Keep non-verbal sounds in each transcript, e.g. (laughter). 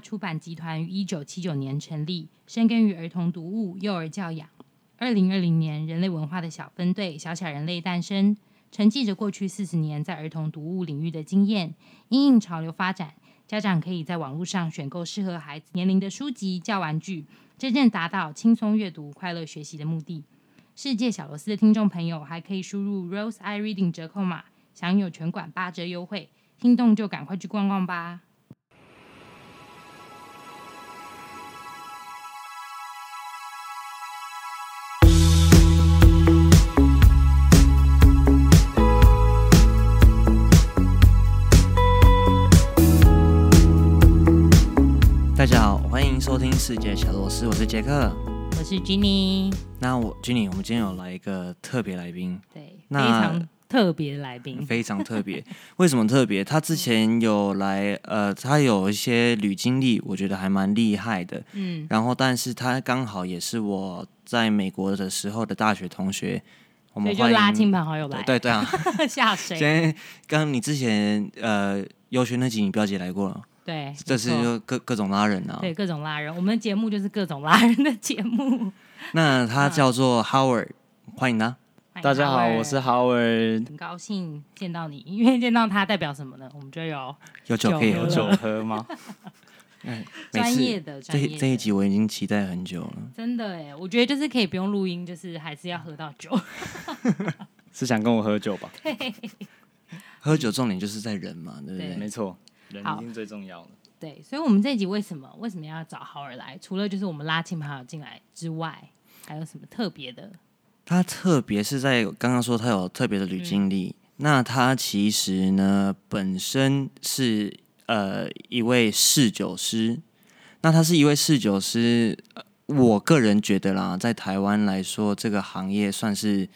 出版集團於一九七九年成立，深耕於兒童讀物、幼兒教養。二零二零年，人類文化的小分隊——小小人類誕生，承繼着過去四十年在兒童讀物領域的經驗，因應潮流發展。家長可以在網絡上選購適合孩子年齡的書籍、教玩具，真正達到輕鬆閱讀、快樂學習的目的。世界小螺絲的聽眾朋友，還可以輸入 “rose I reading” 折扣碼，享有全館八折優惠。心動就趕快去逛逛吧！收聽世界小螺絲，我是傑克，我是 Jenny。那我 Jenny，我們今天有來一個特別來賓，對，非常那特別的來賓，非常特別。 (laughs) 為什麼特別？他之前有來，呃，他有一些履經歷，我覺得還蠻厲害的。嗯，然後但是他剛好也是我在美國的時候的大學同學，所以就拉親朋好友吧，對對啊， (laughs) 下水。今天剛剛你之前呃遊學那集，你表姐來過了。對，這是就各各種拉人啊。對，各種拉人，我們的節目就是各種拉人的節目。那他叫做 Howard，歡迎啊。大家好，我是 Howard。很高興見到你，因為見到他代表什麼呢？我們就有有酒可以有酒喝嗎？嗯，專業的。這這一集我已經期待很久了。真的耶，我覺得就是可以不用錄音，就是還是要喝到酒。是想跟我喝酒吧？喝酒重點就是在人嘛，對不對？沒錯。人一定最重要了。對，所以，我們這一集為什麼，為什麼要找 Howard 來？除了就是我們拉親朋友進來之外，還有什麼特別的？他特別是在剛剛說他有特別的履歷，嗯、那他其實呢，本身是呃一位侍酒師，那他是一位侍酒師，我個人覺得啦，在台灣來說，這個行業算是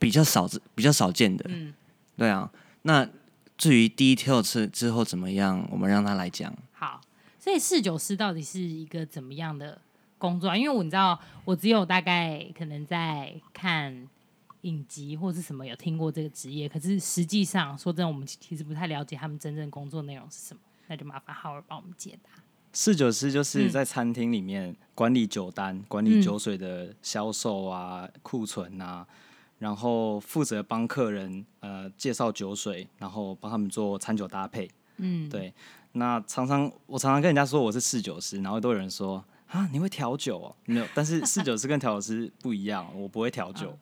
比較少、比較少見的，嗯，對啊，那。至於第一跳，之之後怎麼樣，我們讓他來講。好，所以侍酒師到底是一個怎麼樣的工作啊？因為我你知道，我只有大概可能在看影集或是什麼有聽過這個職業，可是實際上說真的，我們其實不太了解他們真正工作內容是什麼。那就麻煩浩爾幫我們解答。侍酒師就是在餐廳裡面管理酒單、嗯、管理酒水的銷售啊、庫存啊。然後負責幫客人呃介紹酒水，然後幫他們做餐酒搭配。嗯，對。那常常我常常跟人家說我是侍酒師，然後都有人說啊，你會調酒哦？嗯、沒有，但是侍酒師跟調酒師不一樣，我不會調酒。嗯、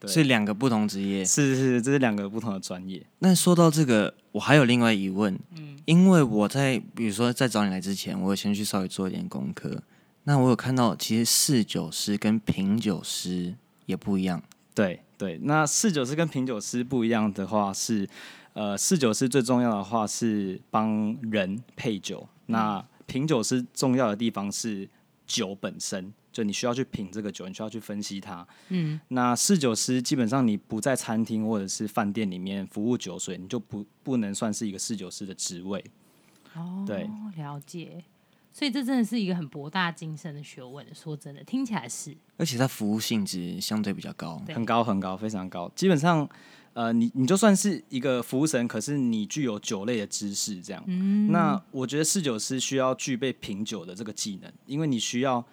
對，所以兩個不同職業。是是是，這是兩個不同的專業。那說到這個，我還有另外一問。嗯，因為我在比如說在找你來之前，我先去稍微做一點功課。那我有看到，其實侍酒師跟品酒師也不一樣。對。對，那侍酒師跟品酒師不一樣的話是，呃，侍酒師最重要的話是幫人配酒。嗯，那品酒師重要的地方是酒本身，就你需要去品這個酒，你需要去分析它。嗯，那侍酒師基本上你不在餐廳或者是飯店裡面服務酒水，你就不不能算是一個侍酒師的職位。哦，對，了解。所以這真的是一個很博大精深的學問。說真的，聽起來是。而且它服務性質相對比較高，對很高很高，非常高。基本上，呃，你你就算是一個服務生，可是你具有酒類的知識，這樣。嗯。那我覺得侍酒師需要具備品酒的這個技能，因為你需要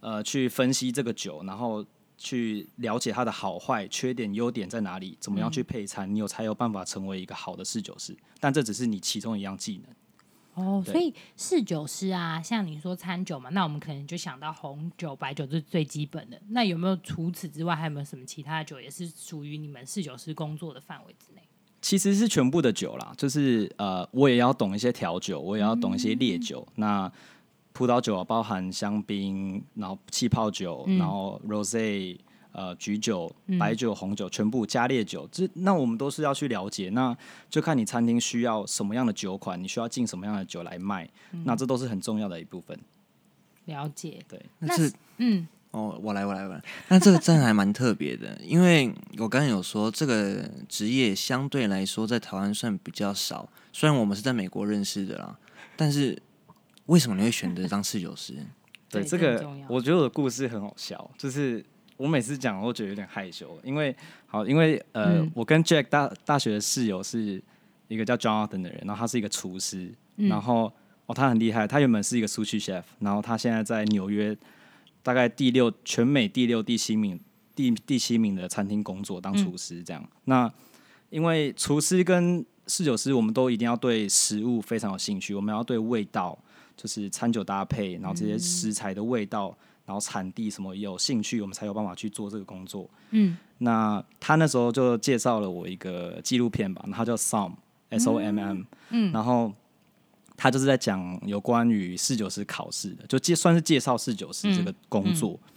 呃去分析這個酒，然後去了解它的好壞、缺點、優點在哪裡，怎麼樣去配餐，嗯，你才有辦法成為一個好的侍酒師。但這只是你其中一樣技能。哦，oh, 對所以侍酒師啊，像你說餐酒嘛，那我們可能就想到紅酒、白酒，這是最基本的。那有沒有除此之外，還有沒有什麼其他的酒也是屬於你們侍酒師工作的範圍之內？其實是全部的酒啦。就是呃，我也要懂一些調酒，我也要懂一些烈酒。嗯、那葡萄酒啊，包含香檳，然後氣泡酒，嗯、然後 rose。呃，橘酒、白酒、紅酒，全部加烈酒，這、嗯、那我們都是要去了解。那就看你餐廳需要什麼樣的酒款，你需要進什麼樣的酒來賣，嗯、那這都是很重要的一部分。了解，對。那這是，嗯，哦，我來，我來，我來。那這個真的還蠻特別的， (laughs) 因為我剛才有說這個職業相對來說在台灣算比較少。雖然我們是在美國認識的啦，但是為什麼你會選擇當侍酒師？ (laughs) 對，這個我覺得我的故事很好笑，就是。我每次講，我都覺得有點害羞，因為好，因為呃，嗯、我跟 Jack 大大學的室友是一個叫 Jonathan 的人，然後他是一個廚師，嗯、然後哦，他很厲害，他原本是一個 sushi chef，然後他現在在紐約大概第六，全美第六、第七名，第第七名的餐廳工作當廚師這樣。嗯、那因為廚師跟侍酒師，我們都一定要對食物非常有興趣，我們要對味道，就是餐酒搭配，然後這些食材的味道。嗯然後產地什麼有興趣，我們才有辦法去做這個工作。嗯，那他那時候就介紹了我一個紀錄片吧，他叫 SOM S O M M 嗯。嗯，然後他就是在講有關於侍酒師考試的，就介算是介紹侍酒師這個工作。嗯嗯、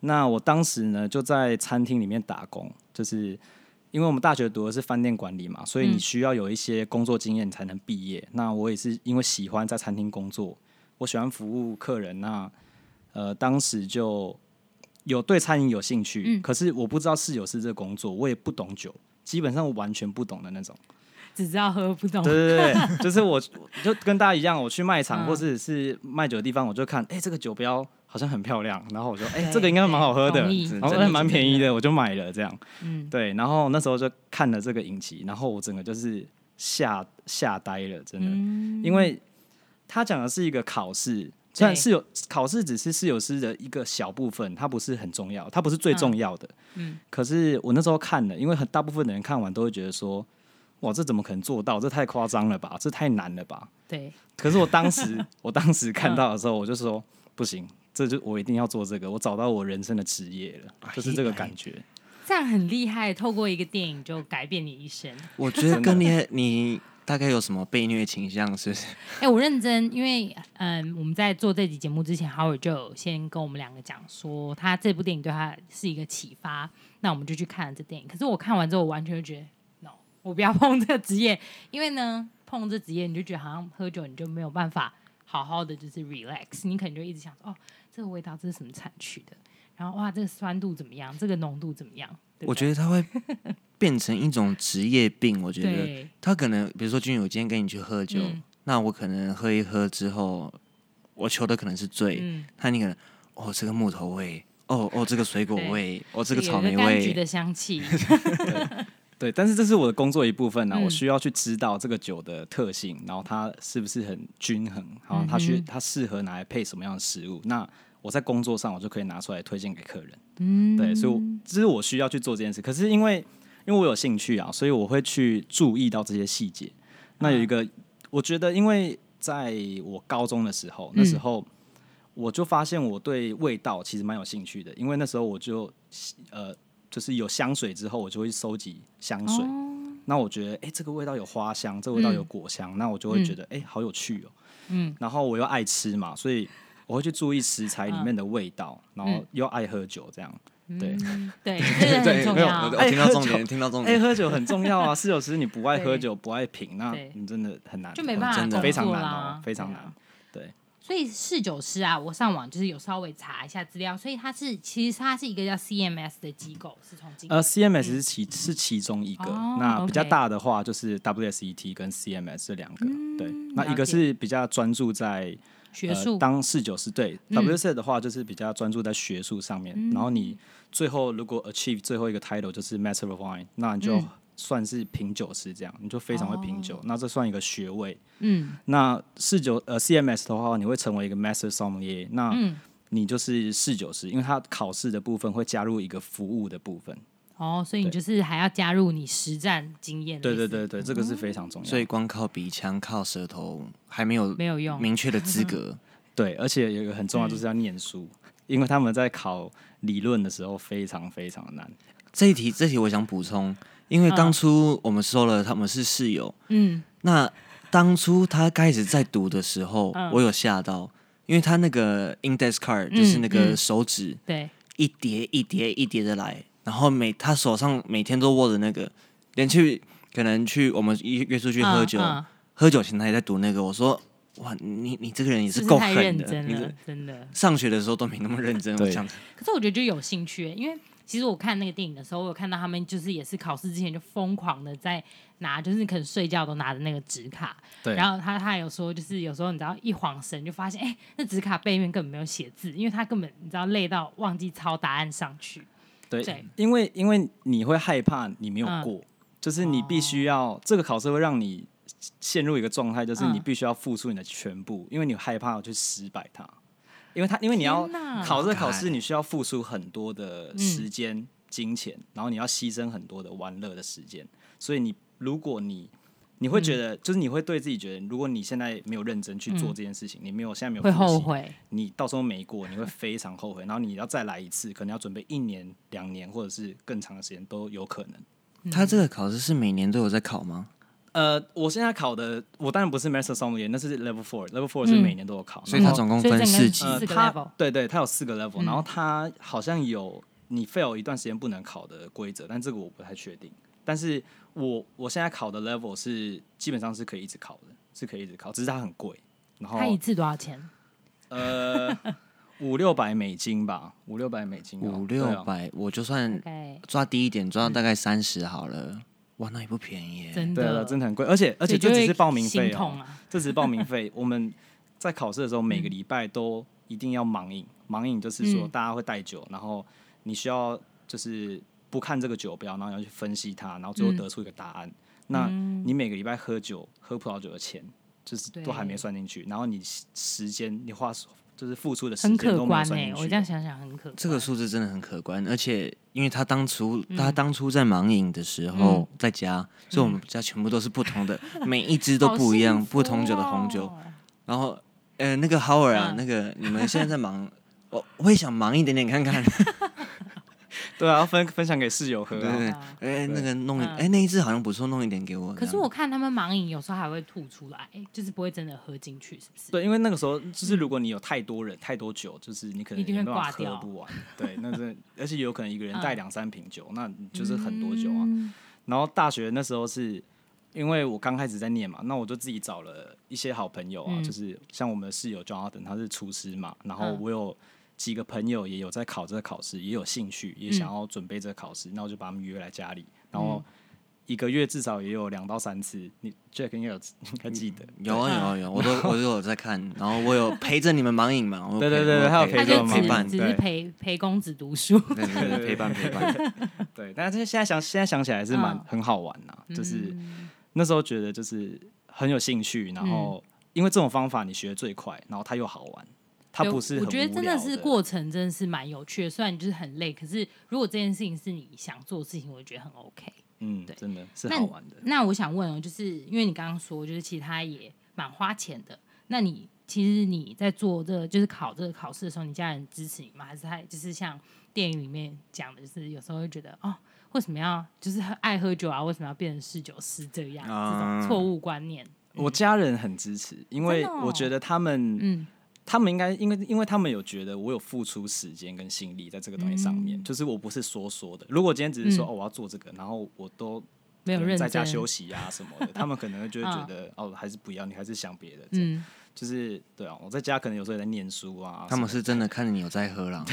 那我當時呢就在餐廳裡面打工，就是因為我們大學讀的是飯店管理嘛，所以你需要有一些工作經驗，你才能畢業。嗯、那我也是因為喜歡在餐廳工作，我喜歡服務客人那。呃，當時就有對餐飲有興趣，可是我不知道侍酒師這工作，我也不懂酒，基本上完全不懂的那種，只知道喝不懂。對對對，就是我就跟大家一樣，我去賣場或者是賣酒的地方，我就看，哎，這個酒標好像很漂亮，然後我說，哎，這個應該蠻好喝的，然後還蠻便宜的，我就買了這樣。對，然後那時候就看了這個影集，然後我整個就是嚇嚇呆了，真的，因為他講的是一個考試。雖然侍酒對考試，只是侍酒師的一個小部分，它不是很重要，它不是最重要的。嗯，嗯可是我那時候看了，因為很大部分的人看完都會覺得說，哇，這怎麼可能做到？這太誇張了吧？這太難了吧？對。可是我當時， (laughs) 我當時看到的時候，我就說，嗯、不行，這就我一定要做這個，我找到我人生的職業了，okay, 就是這個感覺。這樣很厲害，透過一個電影就改變你一生。我覺得跟你 (laughs) 你。大概有什麼被虐傾向，是不是？哎、欸，我認真，因為嗯，我們在做這集節目之前，Howard 就有先跟我們兩個講說，他這部電影對他是一個啟發，那我們就去看了這電影。可是我看完之後，我完全就覺得 no，我不要碰這個職業，因為呢，碰這職業你就覺得好像喝酒，你就沒有辦法好好的就是 relax，你可能就一直想說，哦，這個味道這是什麼產區的，然後哇，這個酸度怎麼樣，這個濃度怎麼樣。我覺得他會變成一種職業病。 (laughs) 我覺得他可能，比如說君友今天跟你去喝酒，嗯、那我可能喝一喝之後，我求的可能是醉。嗯、他那個，哦，這個木頭味，哦哦，這個水果味，對哦，這個草莓味的香氣 (laughs) 對。對，但是這是我的工作一部分呢。嗯、我需要去知道這個酒的特性，然後它是不是很均衡，好、啊，它適它適合拿來配什麼樣的食物？那。我在工作上，我就可以拿出來推薦給客人。嗯，對，所以這、就是我需要去做這件事。可是因為因為我有興趣啊，所以我會去注意到這些細節。那有一個，嗯、我覺得，因為在我高中的時候，那時候我就發現我對味道其實蠻有興趣的。嗯、因為那時候我就呃，就是有香水之後，我就會收集香水。哦、那我覺得，哎、欸，這個味道有花香，這個、味道有果香，嗯、那我就會覺得，哎、欸，好有趣哦、喔。嗯，然後我又愛吃嘛，所以。我會去注意食材裡面的味道，然後又愛喝酒這樣，對對，很重要。愛喝酒，聽到重點，愛喝酒很重要啊！侍酒師你不愛喝酒，不愛品，那你真的很難，就沒辦法通過啦，非常難。對，所以侍酒師啊，我上網就是有稍微查一下資料，所以它是其實它是一個叫 CMS 的機構，是從呃 CMS 是其是其中一個，那比較大的話就是 WSET 跟 CMS 這兩個，對，那一個是比較專注在。學術、呃、當侍酒師，對、嗯、WSET 的話就是比較專注在學術上面，嗯、然後你最後如果 achieve 最後一個 title 就是 Master of Wine，那你就算是品酒師這樣，嗯、你就非常會品酒，哦、那這算一個學位。嗯，那侍酒，呃 CMS 的話，你會成為一個 Master Sommelier，那你就是侍酒師，因為他考試的部分會加入一個服務的部分。哦，oh, 所以你就是還要加入你實戰經驗。對對對對，這個是非常重要的。所以光靠鼻腔、靠舌頭還沒有沒有用，明確的資格。 (laughs) 對，而且有一個很重要，就是要念書，嗯、因為他們在考理論的時候非常非常難。這一題，這題我想補充，因為當初我們說了他們是室友。嗯，那當初他開始在讀的時候，嗯、我有嚇到，因為他那個 index card、嗯、就是那個手指，嗯、對，一疊一疊一疊的來。然後每他手上每天都握着那個，連去可能去我們約出去喝酒，嗯嗯、喝酒前他也在讀那個。我說，哇，你你這個人也是夠狠的，真的。上學的時候都沒那麼認真，我想 (laughs) 對。像可是我覺得就有興趣，因為其實我看那個電影的時候，我有看到他們就是也是考試之前就瘋狂的在拿，就是可能睡覺都拿着那個紙卡。對。然後他他有說，就是有時候你知道一晃神，就發現，哎，那紙卡背面根本沒有寫字，因為他根本你知道累到忘記抄答案上去。對，對，因為因為你會害怕你沒有過，嗯、就是你必須要、哦、這個考試會讓你陷入一個狀態，就是你必須要付出你的全部，嗯、因為你害怕去失敗它，因為它因為你要考這個考試，你需要付出很多的時間、嗯、金錢，然後你要犧牲很多的玩樂的時間，所以你如果你。你會覺得，嗯、就是你會對自己覺得，如果你現在沒有認真去做這件事情，嗯、你沒有現在沒有復習、會後悔、你到時候沒過，你會非常後悔。然後你要再來一次，可能要準備一年、兩年，或者是更長的時間都有可能。他、嗯、這個考試是每年都有在考嗎？呃，我現在考的，我當然不是 Master Sommelier，那是 Level Four, Level Four，Level Four 是每年都有考，嗯、然後、所以他總共分四級，他、呃、對對，他有四個 Level，、嗯、然後他好像有你 Fail 一段時間不能考的規則，但這個我不太確定，但是。我我現在考的 level 是基本上是可以一直考的，是可以一直考，只是它很貴。然後它一次多少錢？呃，五六百美金吧，五六百美金吧，五六百，Okay. 我就算抓低一點，抓到大概三十好了。嗯、哇，那也不便宜耶，真的對，真的很貴。而且而且這只是報名費哦，啊、這只是報名費。 (laughs) 我們在考試的時候，每個禮拜都一定要盲飲，盲飲就是說大家會帶酒，嗯、然後你需要就是。不看這個酒標，然後要去分析它，然後最後得出一個答案。嗯、那你每個禮拜喝酒喝葡萄酒的錢，就是都還沒算進去。對然後你時間你花，就是付出的時間都沒算進去，欸，、我這樣想想很可觀，這個數字真的很可觀。而且因為他當初，嗯、他當初在盲飲的時候，嗯、在家，所以我們家全部都是不同的，嗯、每一支都不一樣，哦、不同酒的紅酒。然後、呃、那個 Howard，啊啊、那個你們現在在忙，我我也想忙一點點看看。 (laughs) 對啊，分分享給室友喝。對對對，哎、啊，那個弄，哎，那一支好像不錯，弄一點給我。可是我看他們盲飲，有時候還會吐出來，就是不會真的喝進去，是不是？對，因為那個時候就是如果你有太多人、嗯、太多酒，就是你可能一定會掛掉，喝不完。對，那真的，而且有可能一個人帶兩三瓶酒， (laughs) 那就是很多酒啊。嗯、然後大學那時候是因為我剛開始在念嘛，那我就自己找了一些好朋友啊，嗯、就是像我們的室友 Jordan 他是廚師嘛，然後我有。嗯幾個朋友也有在考這個考試，也有興趣，也想要準備這個考試，那我就把他們約來家裡，然後一個月至少也有兩到三次。你 Jack 應該有，應該記得有啊，有有，我都我都有在看，然後我有陪着你們盲飲嘛，對對對對，還有陪着你們伴，對，陪陪公子讀書，對對陪伴陪伴，對。但是現在想現在想起來是蠻很好玩吶，就是那時候覺得就是很有興趣，然後因為這種方法你學得最快，然後它又好玩。他不是很的，我覺得真的是過程，真的是蠻有趣的。雖然就是很累，可是如果這件事情是你想做的事情，我覺得很 OK。嗯，對，真的是好玩的。那，那我想問哦、喔，就是因為你剛剛說，就是其他也蠻花錢的。那你其實你在做這個、就是考這個考試的時候，你家人支持你嗎？還是還就是像電影裡面講的，就是有時候會覺得哦，為什麼要就是愛喝酒啊？為什麼要變成侍酒師這樣？嗯、這種錯誤觀念。嗯、我家人很支持，因為我覺得他們嗯。他們應該，因為因為他們有覺得我有付出時間跟心力在這個東西上面，嗯、就是我不是說說的。如果今天只是說、嗯、哦，我要做這個，然後我都沒有在家休息啊什麼的，他們可能就會覺得 (laughs) 哦，哦，還是不要，你還是想別的。嗯、就是對啊，我在家可能有時候也在念書啊。他們是真的看着你有在喝了。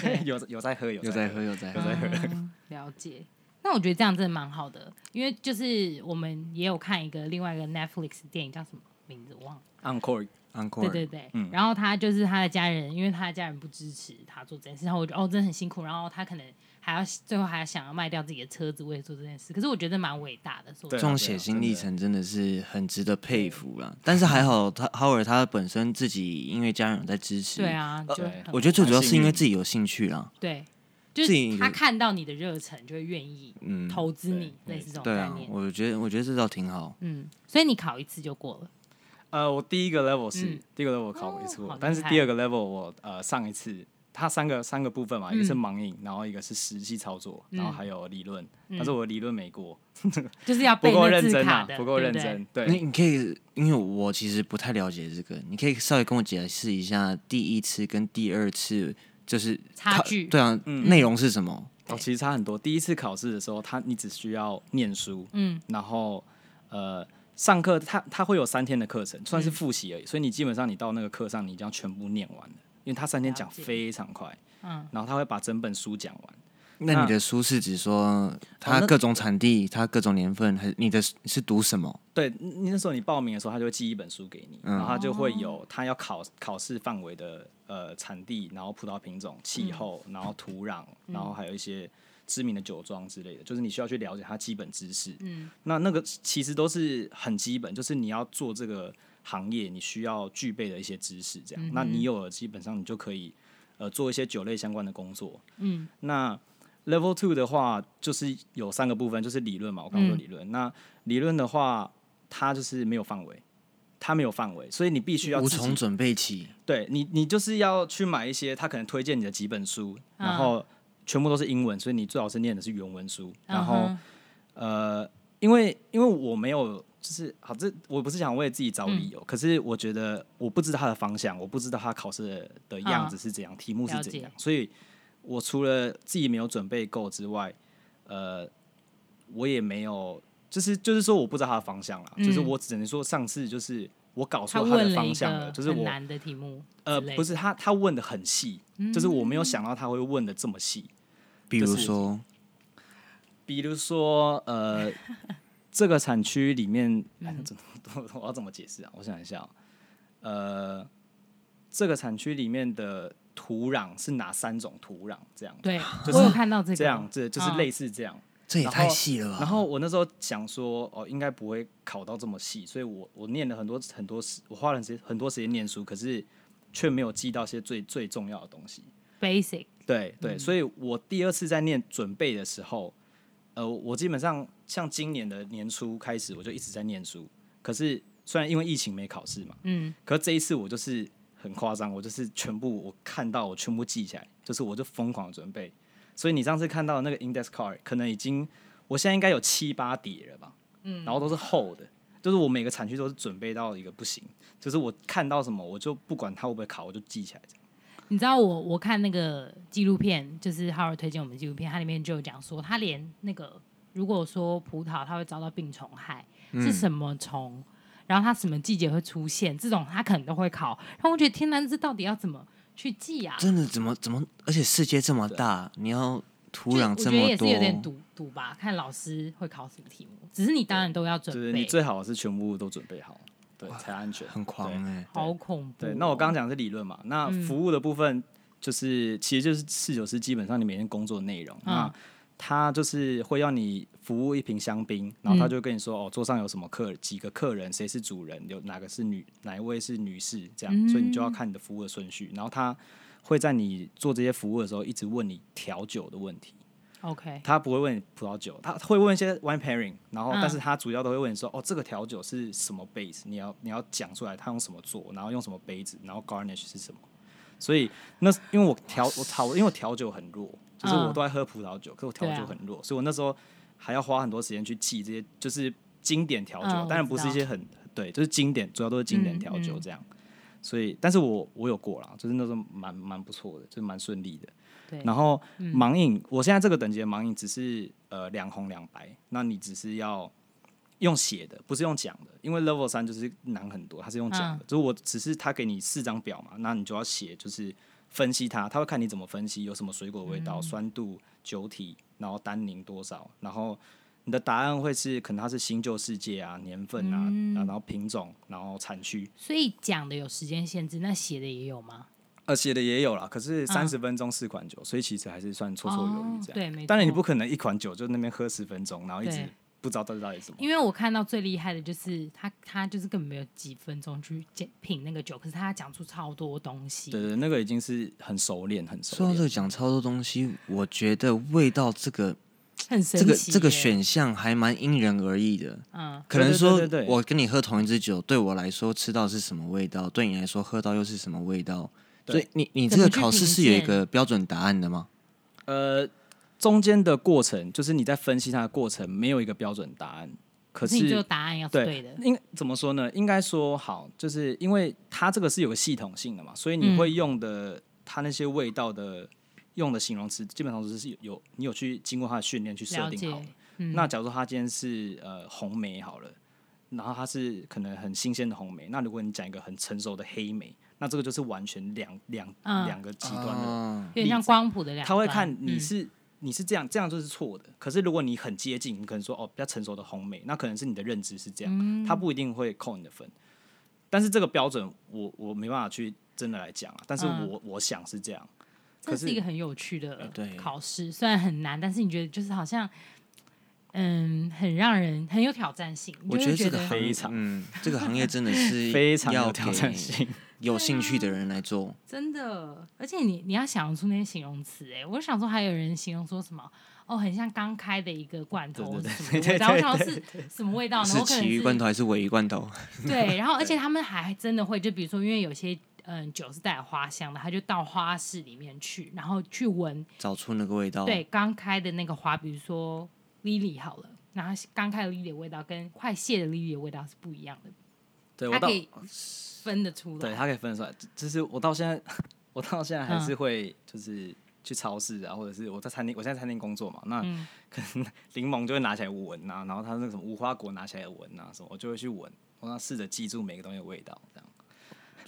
對，有有在喝，有有在喝，有在喝。了解，那我覺得這樣真的蠻好的，因為就是我們也有看一個另外一個 Netflix 電影叫什麼名字，我忘了。Encore 對對對，然後他就是他的家人，因為他的家人不支持他做這件事，然後我覺得哦，真的很辛苦，然後他可能還要最後還要想要賣掉自己的車子，為了做這件事，可是我覺得蠻偉大的，這種寫心歷程真的是很值得佩服了。但是還好他 Howard 他本身自己因為家人在支持，對啊，對。我覺得最主要是因為自己有興趣啊。對，就是他看到你的熱忱就會願意嗯投資你類似這種概念，對啊，我覺得我覺得這倒挺好，嗯，所以你考一次就過了。呃，我第一個 level 是第一個 level 考過一次過，但是第二個 level 我呃上一次，它三個三個部分嘛，一個是盲飲，然後一個是實際操作，然後還有理論。但是我理論沒過，就是要不夠認真啊，不夠認真。對，你你可以，因為我其實不太了解這個，你可以稍微跟我解釋一下，第一次跟第二次就是差距，對啊，內容是什麼？哦，其實差很多。第一次考試的時候，他你只需要念書，嗯，然後呃。上課他他會有三天的課程，算是複習而已。嗯、所以你基本上你到那個課上，你一定要全部念完，因為他三天講非常快。嗯，然後他會把整本書講完。那你的書是指說、嗯、它各種產地、它各種年份，還是你的是讀什麼？對，那時候你報名的時候，他就會寄一本書給你，嗯、然後他就會有他要考考試範圍的呃產地，然後葡萄品種、氣候，然後土壤，嗯、然後還有一些。知名的酒莊之類的，就是你需要去了解它基本知識。嗯，那那個其實都是很基本，就是你要做這個行業，你需要具備的一些知識。這樣，嗯嗯，那你有了基本上你就可以呃做一些酒類相關的工作。嗯，那 level two 的話，就是有三個部分，就是理論嘛，我剛說理論。嗯，那理論的話，它就是沒有範圍，它沒有範圍，所以你必須要無從準備起。對你，你就是要去買一些他可能推薦你的幾本書，然後。啊全部都是英文，所以你最好是念的是原文書。然後，uh huh. 呃，因為因為我沒有，就是好，這我不是想為自己找理由，嗯、可是我覺得我不知道他的方向，我不知道他考試的，的樣子是怎樣，uh huh. 題目是怎樣，了解。所以我除了自己沒有準備夠之外，呃，我也沒有，就是就是說我不知道他的方向了，嗯、就是我只能說上次就是我搞錯他的方向了，就是難的題目的，呃，不是他他問的很細，就是我沒有想到他會問的這麼細。嗯嗯比如說，比如說，比如說，呃， (laughs) 這個產區裡面，我要怎麼解釋啊？我想一下，呃，這個產區裡面的土壤是哪三種土壤？這樣對，就是這樣，我有看到這，這樣，這就是類似這樣。這也太細了吧？然後我那時候想說，哦，應該不會考到這麼細，所以我我念了很多很多時，我花了時很多時間念書，可是卻沒有記到些最最重要的東西。Basic。對對，對，嗯，所以我第二次在念準備的時候，呃，我基本上像今年的年初開始，我就一直在念書。可是雖然因為疫情沒考試嘛，嗯，可是這一次我就是很誇張，我就是全部我看到我全部記起來，就是我就瘋狂準備。所以你上次看到的那個 index card，可能已經我現在應該有七八疊了吧，嗯，然後都是厚的，就是我每個產區都是準備到一個不行，就是我看到什麼我就不管它會不會考，我就記起來。你知道我我看那個紀錄片，就是 Howard 推薦我們的紀錄片，它裡面就有講說，他連那個如果說葡萄它會遭到病蟲害、嗯、是什麼蟲，然後它什麼季節會出現，這種他可能都會考。然後我覺得天吶，這到底要怎麼去記啊？真的怎麼怎麼？而且世界這麼大，對你要土壤這麼多，我覺得也是有點賭賭吧，看老師會考什麼題目。只是你當然都要準備，就是、你最好是全部都準備好，才安全，很狂哎、欸，好恐怖、哦。對，那我剛剛講的是理論嘛，那服務的部分就是，嗯、其實就是侍酒師基本上你每天工作的內容，嗯、那他就是會讓你服務一瓶香檳，然後他就跟你說、嗯、哦，桌上有什麼客，幾個客人，誰是主人，有哪個是女，哪一位是女士這樣，嗯、所以你就要看你的服務的順序，然後他會在你做這些服務的時候一直問你調酒的問題。OK，他不會問你葡萄酒，他會問一些 wine pairing，然後，但是他主要都會問說，哦，這個調酒是什麼 base，你要你要講出來，他用什麼做，然後用什麼杯子，然後 garnish 是什麼。所以那因為我調我炒，因為我調酒很弱，就是我都愛喝葡萄酒，可是我調酒很弱，uh, 所以我那時候還要花很多時間去記這些，就是經典調酒，uh, 當然不是一些很對，就是經典，主要都是經典調酒這樣。嗯嗯所以，但是我我有過了，就是那時候蠻蠻不錯的，就是蠻順利的。對然後、嗯、盲飲，我現在這個等級的盲飲只是呃兩紅兩白，那你只是要用寫的，不是用講的，因為 Level 3就是難很多，它是用講的，啊、就是我只是他給你四張表嘛，那你就要寫，就是分析它，它會看你怎麼分析，有什麼水果味道、嗯、酸度、酒體，然後單寧多少，然後你的答案會是可能它是新舊世界啊、年份啊，嗯、然後品種，然後產區。所以講的有時間限制，那寫的也有嗎？呃，寫的也有了，可是三十分鐘四款酒，嗯、所以其實還是算綽綽有餘這樣、哦。對，沒錯。當然，你不可能一款酒就那邊喝十分鐘，然後一直不知道到底到底什麼。因為我看到最厲害的就是他，他就是根本沒有幾分鐘去品那個酒，可是他講出超多東西。對，對對，那個已經是很熟練、很熟說。到這個講超多東西，我覺得味道這個很神奇、欸、這個這個選項還蠻因人而異的。嗯，可能說對對對對，我跟你喝同一支酒，對我來說吃到是什麼味道，對你來說喝到又是什麼味道。對所以你你這個考試是有一個標準答案的嗎？呃，中間的過程，就是你在分析它的過程沒有一個標準答案，可是你就答案要對的。對，應該怎麼說呢？應該說好，就是因為它這個是有個系統性的嘛，所以你會用的它那些味道的，、嗯、用的形容詞，基本上都是有你有去經過它的訓練去設定好。嗯、那假如說它今天是呃紅莓好了，然後它是可能很新鮮的紅莓，那如果你講一個很成熟的黑莓。那這個就是完全兩兩兩個極端的，有點像光譜的兩個。他會看你是、嗯、你是這樣，這樣就是錯的。可是如果你很接近，你可能說哦，比較成熟的紅莓，那可能是你的認知是這樣，嗯、他不一定會扣你的分。但是這個標準我，我我沒辦法去真的來講啊。但是我、嗯、我想是這樣。是這是一個很有趣的考試，呃、對雖然很難，但是你覺得就是好像嗯，很讓人很有挑戰性。我覺得這個行業真的是非常有挑戰性。有興趣的人來做、啊，真的，而且你你要想出那些形容詞，哎，我想說還有人形容說什麼哦，很像剛開的一個罐頭，對不對，對，對，然後是？是什麼味道呢？是奇魚罐頭還是鮪魚罐頭？對，然後而且他們還真的會，就比如說，因為有些對嗯酒是帶花香的，他就到花市裡面去，然後去聞，找出那個味道。對，剛開的那個花，比如說 Lily 莉莉好了，然後剛開的 Lily 莉莉的味道跟快謝的 Lily 莉莉的味道是不一樣的。對，我到他可以分得出來。對，它可以分得出來。就是我到現在，我到現在還是會，就是去超市啊，嗯、或者是我在餐廳，我現在餐廳工作嘛。那、嗯、可能檸檬就會拿起來聞吶、啊，然後它那個什麼無花果拿起來聞吶、啊、什麼，我就會去聞，我試着記住每個東西的味道，這樣。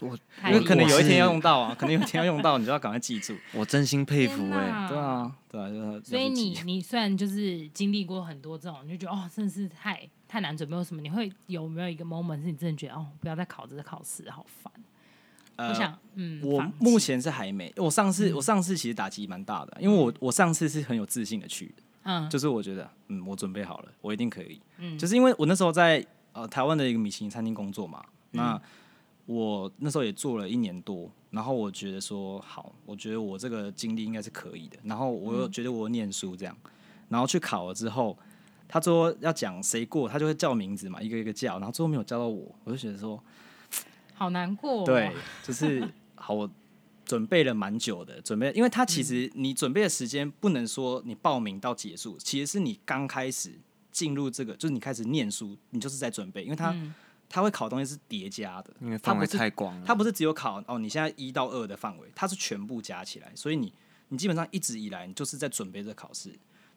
我因為可能有一天要用到啊，可能有一天要用到，你就要趕快記住。我真心佩服哎，對啊，對啊，對啊。所以你你算就是經歷過很多這種，你就覺得哦，真的是太太難準備什麼？你會有沒有一個 moment 是你真的覺得哦，不要再考這個考試，好煩。我想，嗯，我目前是還沒。我上次我上次其實打擊蠻大的，因為我我上次是很有自信的去，嗯，就是我覺得嗯我準備好了，我一定可以，嗯，就是因為我那時候在呃台灣的一個米其林餐廳工作嘛，那。我那時候也做了一年多，然後我覺得說好，我覺得我這個經歷應該是可以的，然後我又覺得我念書這樣，嗯、然後去考了之後，他說要講誰過，他就會叫名字嘛，一個一個叫，然後最後沒有叫到我，我就覺得說好難過，哦。對，就是好我準備了蠻久的，準備，因為他其實你準備的時間不能說你報名到結束，嗯、其實是你剛開始進入這個，就是你開始念書，你就是在準備，因為他。嗯他會考的東西是疊加的，因為他不是，範圍太廣了，它不是只有考哦。你現在一到二的範圍，它是全部加起來，所以你你基本上一直以來你就是在準備着考試。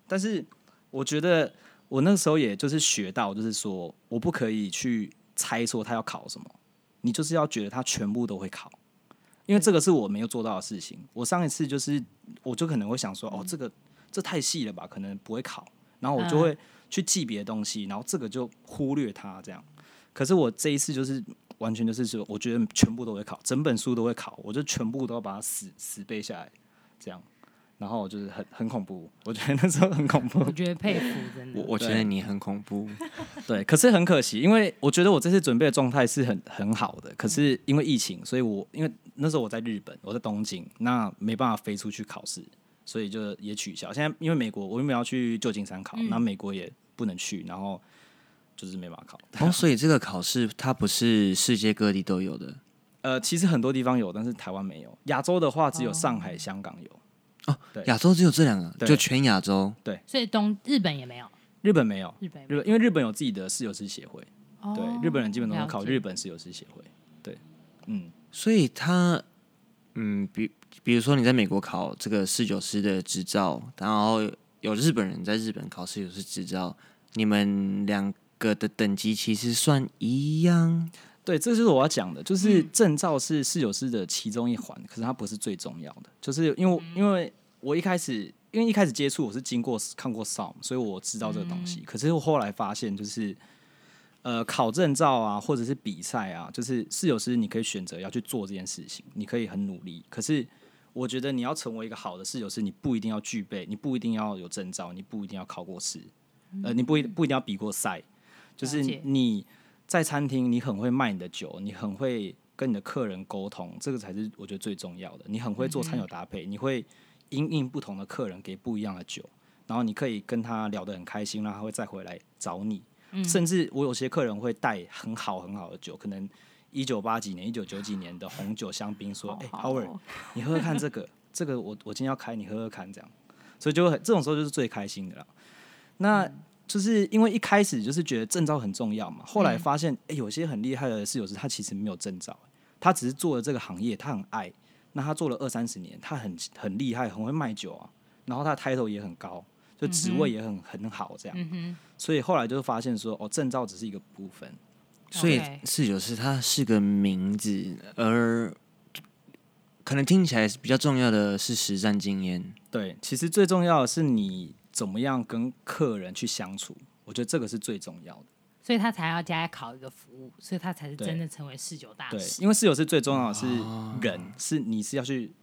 但是我覺得我那時候也就是學到，就是說我不可以去猜說他要考什麼，你就是要覺得他全部都會考，因為這個是我沒有做到的事情。我上一次就是我就可能會想說，哦，這個這太細了吧，可能不會考，然後我就會去記別的東西，然後這個就忽略它這樣。可是我這一次就是完全就是說，我覺得全部都會考，整本書都會考，我就全部都要把它死死背下來，這樣，然後就是很很恐怖，我覺得那時候很恐怖，我覺得佩服真的，我我覺得你很恐怖 (laughs) 對，對，可是很可惜，因為我覺得我這次準備的狀態是很很好的，可是因為疫情，所以我因為那時候我在日本，我在東京，那沒辦法飛出去考試，所以就也取消。現在因為美國，我因為要去舊金山考，那、嗯、美國也不能去，然後。就是沒法考。啊、哦，所以這個考試它不是世界各地都有的。呃，其實很多地方有，但是台灣沒有。亞洲的話，只有上海、oh. 香港有。哦，對，亞洲只有這兩個，對就全亞洲。對。所以東日本也沒有。日本沒有。日本。日本因為日本有自己的侍酒師協會。哦。Oh. 對，日本人基本上都要考日本侍酒師協會。Oh. 對。嗯，所以他，嗯，比比如說你在美國考這個侍酒師的執照，然後有日本人在日本考侍酒師執照，你們兩。個的等級其實算一樣，對，這就是我要講的，就是證照是侍酒師的其中一環，嗯、可是它不是最重要的，就是因為、嗯、因為我一開始，因為一開始接觸，我是經過看過 Somm, 所以我知道這個東西。嗯、可是我後來發現，就是呃，考證照啊，或者是比賽啊，就是侍酒師你可以選擇要去做這件事情，你可以很努力。可是我覺得你要成為一個好的侍酒師，你不一定要具備，你不一定要有證照，你不一定要考過試、嗯，呃，你不一不一定要比過賽。就是你在餐廳，你很會賣你的酒，你很會跟你的客人溝通，這個才是我覺得最重要的。你很會做餐酒搭配，你會因應不同的客人給不一樣的酒，然後你可以跟他聊得很開心，然後他會再回來找你。嗯、甚至我有些客人會帶很好很好的酒，可能一九八幾年、一九九幾年的紅酒、香檳，說：“哎好、欸，Howard，你喝喝看這個， (laughs) 這個我我今天要開，你喝喝看。”這樣，所以就會這種時候就是最開心的了。那、嗯就是因為一開始就是覺得證照很重要嘛，後來發現，哎、欸，有些很厲害的四九四是他其實沒有證照，他只是做了這個行業，他很愛，那他做了二三十年，他很很厲害，很會賣酒啊，然後他的 title 也很高，就職位也很很好這樣，嗯、哼所以後來就發現說，哦，證照只是一個部分，所以四九四他是個名字，而可能聽起來是比較重要的是實戰經驗，對，其實最重要的是你。怎麼樣跟客人去相處？我覺得這個是最重要的，所以他才要加考一個服務，所以他才是真的成為侍酒大師。對，因為侍酒師是最重要的，是人，哇是你是要去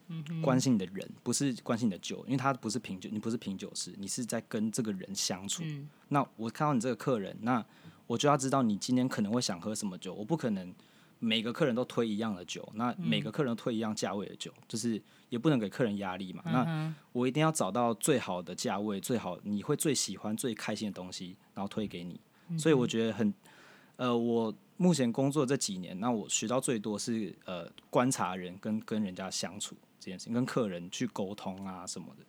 關心你的人，不是關心你的酒，嗯、哼因為他不是品酒，你不是品酒師，你是在跟這個人相處。嗯、那我看到你這個客人，那我就要知道你今天可能會想喝什麼酒，我不可能。每個客人都推一樣的酒，那每個客人都推一樣價位的酒，嗯、就是也不能給客人壓力嘛。嗯、哼那我一定要找到最好的價位，最好你會最喜歡、最開心的東西，然後推給你。嗯、哼所以我覺得很，呃，我目前工作這幾年，那我學到最多是呃觀察人跟，跟跟人家相處，這件事情，跟客人去溝通啊什麼的。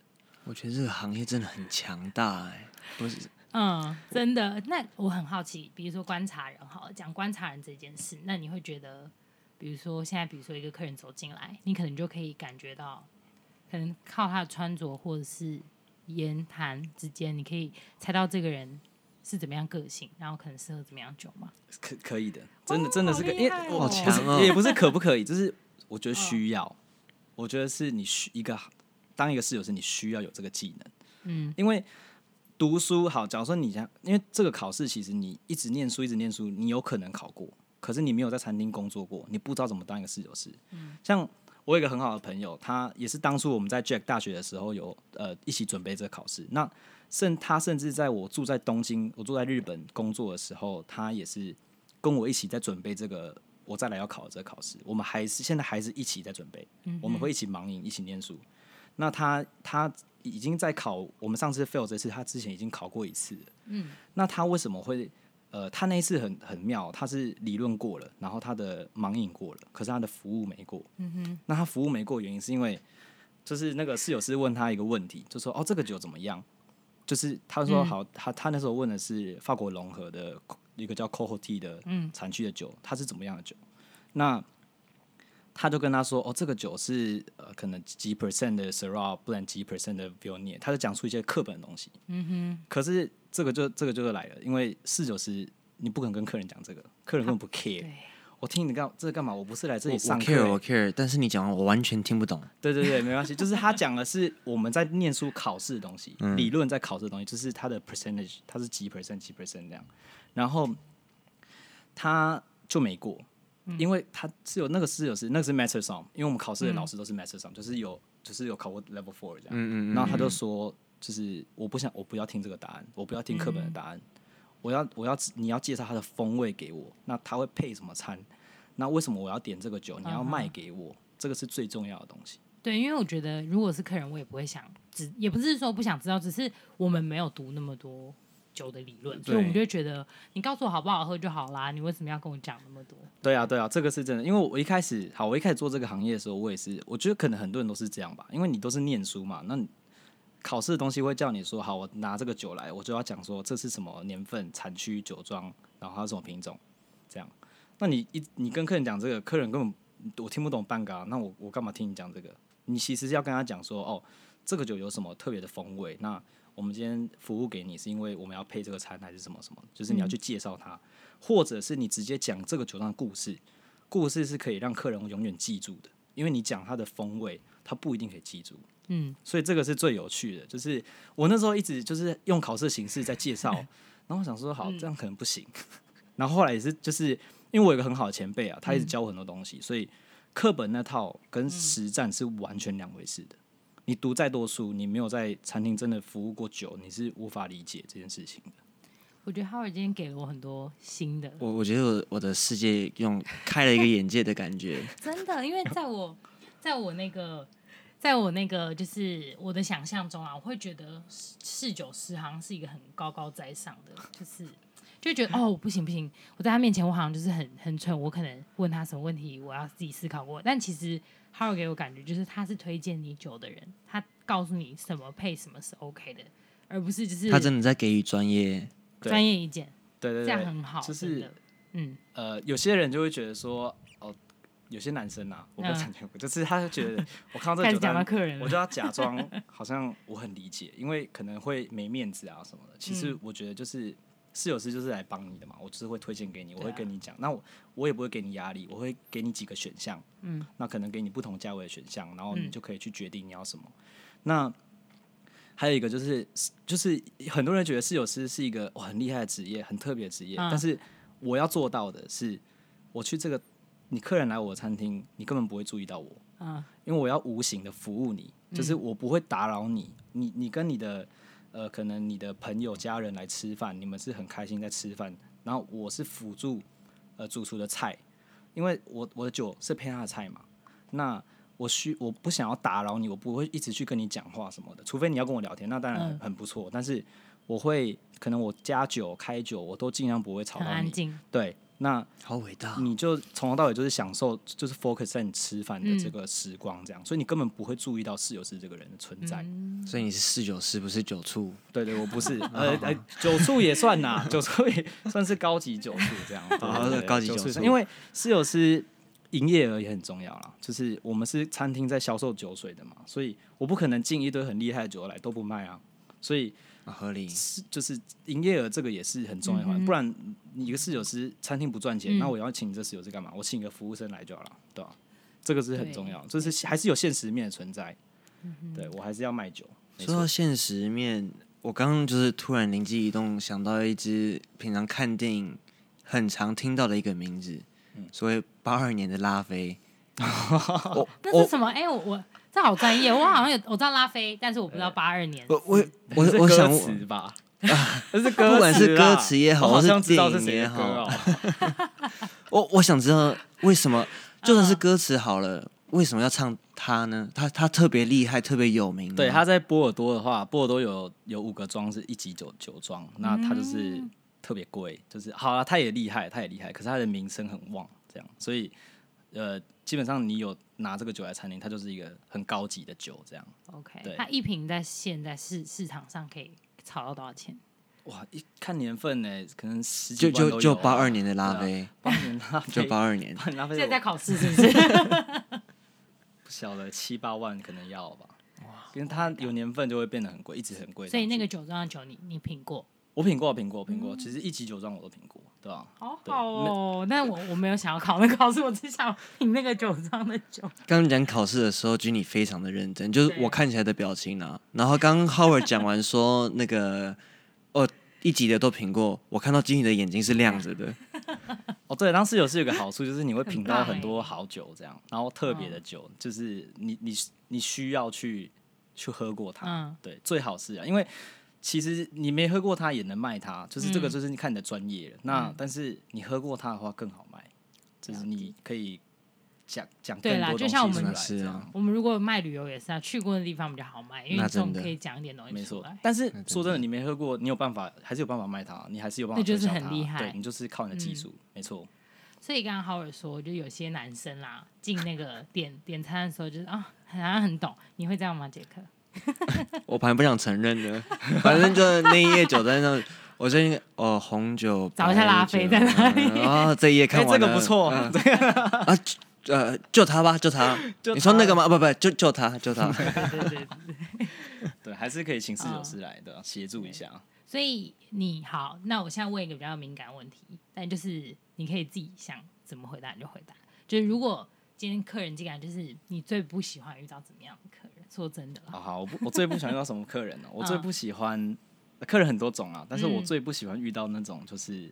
我覺得這個行業真的很強大，欸，哎。不是。嗯，真的。那我很好奇，比如說觀察人，哈，講觀察人這件事，那你會覺得，比如說現在，比如說一個客人走進來，你可能就可以感覺到，可能靠他的穿着或者是言談之間，你可以猜到這個人是怎麼樣個性，然後可能適合怎麼樣酒嗎？可可以的，真的真的是，個。哇哦、好厲害哦，欸、好強啊、哦 (laughs) 就是，也不是可不可以，就是我覺得需要，哦、我覺得是你需一個當一個侍酒師你需要有這個技能，嗯，因為。讀書好，假如說你講，因為這個考試，其實你一直念書，一直念書，你有可能考過，可是你沒有在餐廳工作過，你不知道怎麼當一個侍酒師。嗯，像我有一個很好的朋友，他也是當初我們在 Jack 大學的時候有呃一起準備這個考試。那甚他甚至在我住在東京，我住在日本工作的時候，他也是跟我一起在準備這個我再來要考的這個考試。我們還是現在還是一起在準備，嗯、哼我們會一起盲飲，一起念書。那他他。已經在考我們上次 fail 這次他之前已經考過一次，嗯，那他為什麼會呃他那一次很很妙，他是理論過了，然後他的盲飲過了，可是他的服務沒過，嗯哼，那他服務沒過原因是因為就是那個侍酒師問他一個問題，就說哦這個酒怎麼樣？就是他說好、嗯、他他那時候問的是法國隆河的一個叫 Cohot 的產區的酒，嗯、它是怎麼樣的酒？那。他就跟他說：“哦，這個酒是呃，可能幾 percent 的 Syrah，不然幾 percent 的 Viognier。他就講出一些課本的東西。嗯哼。可是這個就這個就是來了，因為侍酒師，你不可能跟客人講這個，客人根本不 care。我聽你幹這是、個、幹嘛？我不是來這裡上課。我，我 care，我 care，但是你講完我完全聽不懂。對對對，沒關係，就是他講的是我們在念書考試的東西， (laughs) 理論在考試的東西，就是他的 percentage，他是幾 percent，幾 percent 這樣。然後他就沒過。因為他是有那個是有、那個、是那是 Master Som，因為我們考試的老師都是 Master Som，、嗯、就是有就是有考過 level four 這樣。嗯嗯嗯嗯，然後他就說，就是我不想我不要聽這個答案，我不要聽課本的答案，嗯、我要我要你要介紹它的風味給我。那他會配什麼餐？那為什麼我要點這個酒？你要賣給我，嗯、哼這個是最重要的東西。對，因為我覺得如果是客人，我也不會想只，也不是說不想知道，只是我們沒有讀那麼多。酒的理論，所以我們就會覺得，你告訴我好不好喝就好啦。你為什麼要跟我講那麼多？對啊，對啊，這個是真的，因為我一開始好，我一開始做這個行業的時候，我也是，我覺得可能很多人都是這樣吧，因為你都是念書嘛，那考試的東西會叫你說，好，我拿這個酒來，我就要講說這是什麼年份、產區、酒莊，然後還有什麼品種，這樣。那你一你跟客人講這個，客人根本我聽不懂半個，那我我幹嘛聽你講這個？你其實是要跟他講說，哦，這個酒有什麼特別的風味？那。我們今天服務給你，是因為我們要配這個餐，還是什麼什麼？就是你要去介紹它，嗯、或者是你直接講這個酒莊的故事。故事是可以讓客人永遠記住的，因為你講它的風味，他不一定可以記住。嗯，所以這個是最有趣的。就是我那時候一直就是用考試形式在介紹，嗯、然後我想說好，嗯、這樣可能不行。 (laughs) 然後後來也是，就是因為我有一個很好的前輩啊，他一直教我很多東西，嗯、所以課本那套跟實戰是完全兩回事的。你讀再多書，你沒有在餐廳真的服務過酒，你是無法理解這件事情的。我覺得浩爾今天給了我很多新的。我我覺得我我的世界用開了一個眼界的感覺。 (laughs) 真的，因為在我在我那個在我那個就是我的想象中啊，我會覺得侍酒師好像是一個很高高在上的，就是就覺得哦，不行不行，我在他面前我好像就是很很蠢，我可能問他什麼問題，我要自己思考過。但其實。他有給我感覺就是他是推薦你酒的人，他告訴你什麼配什麼是 OK 的，而不是就是他真的在給予專業專業意見，對,對對對，這樣很好。就是嗯呃，有些人就會覺得說哦，有些男生啊，我不承認、嗯，就是他就覺得我看到這個酒單， (laughs) 人我就要假裝好像我很理解， (laughs) 因為可能會沒面子啊什麼的。其實我覺得就是。侍酒師就是來幫你的嘛，我只是會推薦給你，啊、我會跟你講，那我我也不會給你壓力，我會給你幾個選項，嗯，那可能給你不同價位的選項，然後你就可以去決定你要什麼。嗯、那還有一個就是，就是很多人覺得侍酒師是一個很厲害的職業，很特別的職業，啊、但是我要做到的是，我去這個你客人來我的餐廳，你根本不會注意到我，啊、因為我要無形的服務你，就是我不會打擾你，嗯、你你跟你的。呃，可能你的朋友、家人來吃飯，你們是很開心在吃飯。然後我是輔助，呃，主廚的菜，因為我我的酒是配他的菜嘛。那我需我不想要打擾你，我不會一直去跟你講話什麼的，除非你要跟我聊天，那當然很不錯。嗯。但是我會可能我加酒、開酒，我都盡量不會吵到你。很安靜，對。那好偉大！你就從頭到尾就是享受，就是 focus 在你吃飯的這個時光，這樣，嗯、所以你根本不會注意到侍酒師這個人的存在。嗯、所以你是侍酒師，不是酒促？對對,對，我不是。 (laughs) 呃,呃，酒促也算吶、啊， (laughs) 酒促也算是高級酒促這樣。對對對高級酒促。因為侍酒師營業額也很重要啦，就是我們是餐廳在銷售酒水的嘛，所以我不可能進一堆很厲害的酒來都不賣啊，所以。合理，就是營業額這個也是很重要的，嗯、哼不然你一個侍酒師餐廳不賺錢，嗯、那我要請這侍酒師幹嘛？我請一個服務生來就好了，對、啊、這個是很重要，對就是還是有現實面的存在。對，對我還是要賣酒。嗯、哼錯說到現實面，我剛剛就是突然靈機一動，想到一只平常看電影很常聽到的一個名字，嗯、所謂八二年的拉菲。那是什麼？哎、欸，我我。這好專業，我好像有我知道拉菲，但是我不知道八二年，呃。我我我，我想，死吧，啊、不管是歌詞也好， (laughs) 好像是電影也好。我好，哦、 (laughs) 我，我想知道為什麼，就算是歌詞好了，呃、為什麼要唱它呢？它它特別厲害，特別有名。對，他在波爾多的話，波爾多有有五個莊是一級酒酒莊，那它就是特別貴。就是好了，啊，它也厲害，它也厲害，可是它的名聲很旺，這樣，所以呃。基本上，你有拿這個酒來餐廳，它就是一個很高級的酒，這樣。OK，它對一瓶在現在市市場上可以炒到多少錢？哇，一看年份呢、欸，可能十幾萬就就就八二年的拉菲，八年拉菲， (laughs) 就年八二年拉菲現在在考試是不是？ (laughs) (laughs) 不曉得，七八萬可能要吧。哇， (laughs) 因為它有年份就會變得很貴，一直很貴。所以那個酒莊的酒你，你你品過？我品過，品過，品過，品過。其實一級酒莊我都品過。對好好哦，對但我我沒有想要考 (laughs) 那個考試，我只想品那個酒莊的酒。剛剛講考試的時候，君尼非常的認真，就是我看起來的表情呢、啊。對然後剛剛 Howard 講完說 (laughs) 那個哦，一級的都品過，我看到君尼的眼睛是亮着的。哦， (laughs) oh, 對，當時有師有一個好處就是你會品到很多好酒，這樣，賴然後特別的酒、哦、就是你你你需要去去喝過它，嗯、對，最好是啊，因為。其實你沒喝過它也能賣它，就是這個，就是你看你的專業了。嗯、那但是你喝過它的話更好賣，就是你可以講講更多對啦，就像我們我們如果賣旅遊也是啊，去過的地方比較好賣，因為這種可以講一點東西沒錯，但是說真的，真的你沒喝過，你有辦法還是有辦法賣它，你還是有辦法推它。就是很厲害，對你就是靠你的技術，嗯、沒錯錯。所以剛剛 Howard 說，就有些男生啦，進那個點 (laughs) 點餐的時候就是、哦、很啊，好像很懂。你會這樣嗎，傑克？ (laughs) 我本不想承認的，反正 (laughs) 就是那一頁酒在那。我先哦紅酒找一下拉菲酒在哪裡啊，嗯？哦？這一頁看完了，欸，這個不錯，嗯、 (laughs) 啊，呃，就他吧，就他，就他。你說那個嗎？啊，不不，不，就就他就他，對還是可以請侍酒師來的協好助一下。所以你好，那我現在問一個比較敏感問題，但就是你可以自己想怎麼回答你就回答。就是如果今天客人進來，就是你最不喜歡遇到怎麼樣的客人？說真的，好好，我不，我最不喜歡遇到什麼客人呢？ (laughs) 我最不喜歡客人很多種啊，但是我最不喜歡遇到那種就是，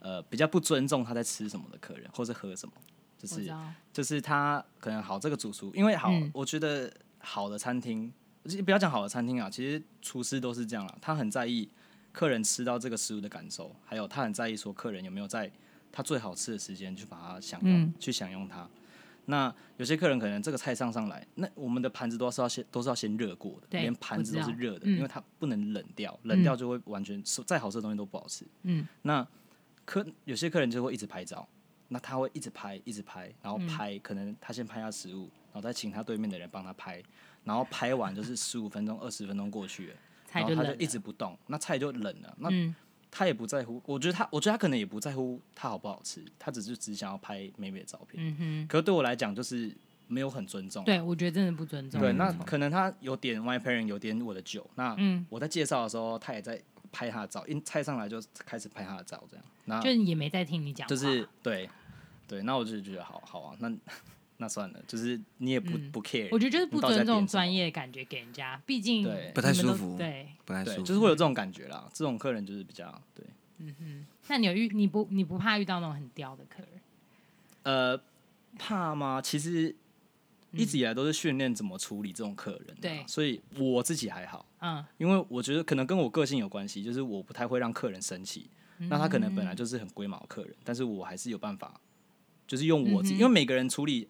嗯、呃，比較不尊重他在吃什麼的客人，或是喝什麼，就是就是他可能好這個主廚，因為好，嗯、我覺得好的餐廳，其實不要講好的餐廳啊，其實廚師都是這樣了，他很在意客人吃到這個食物的感受，還有他很在意說客人有沒有在他最好吃的時間去把它享用，嗯、去享用它。那有些客人可能這個菜上上來，那我們的盤子都是要先都是要先熱過的，對連盤子都是熱的，嗯、因為它不能冷掉，冷掉就會完全，嗯、再好吃的東西都不好吃。嗯，那客有些客人就會一直拍照，那他會一直拍，一直拍，然後拍，嗯、可能他先拍下食物，然後再請他對面的人幫他拍，然後拍完就是十五分鐘、二十、嗯、分鐘過去了，了然後他就一直不動，那菜就冷了，那，嗯他也不在乎，我覺得他，我覺得他可能也不在乎他好不好吃，他只是只想要拍美美的照片。嗯哼。可是對我來講，就是沒有很尊重啊。對，我覺得真的不尊重。對，那可能他有點外派，有點我的酒。那我在介紹的時候，他也在拍他的照，因菜上來就開始拍他的照，這樣。那就是，也沒在聽你講。就是對，對，那我就覺得好好啊，那。那算了，就是你也不不 care，我覺得就是不尊重專業的感覺，給人家，畢竟不太舒服，對，不太舒服，就是會有這種感覺啦。這種客人就是比較，對，嗯哼。那你有遇你不你不怕遇到那種很刁的客人？呃，怕嗎？其實一直以來都是訓練怎麼處理這種客人，對，所以我自己還好，嗯，因為我覺得可能跟我個性有關係，就是我不太會讓客人生氣，那他可能本來就是很龜毛的客人，但是我還是有辦法，就是用我自己，因為每個人處理。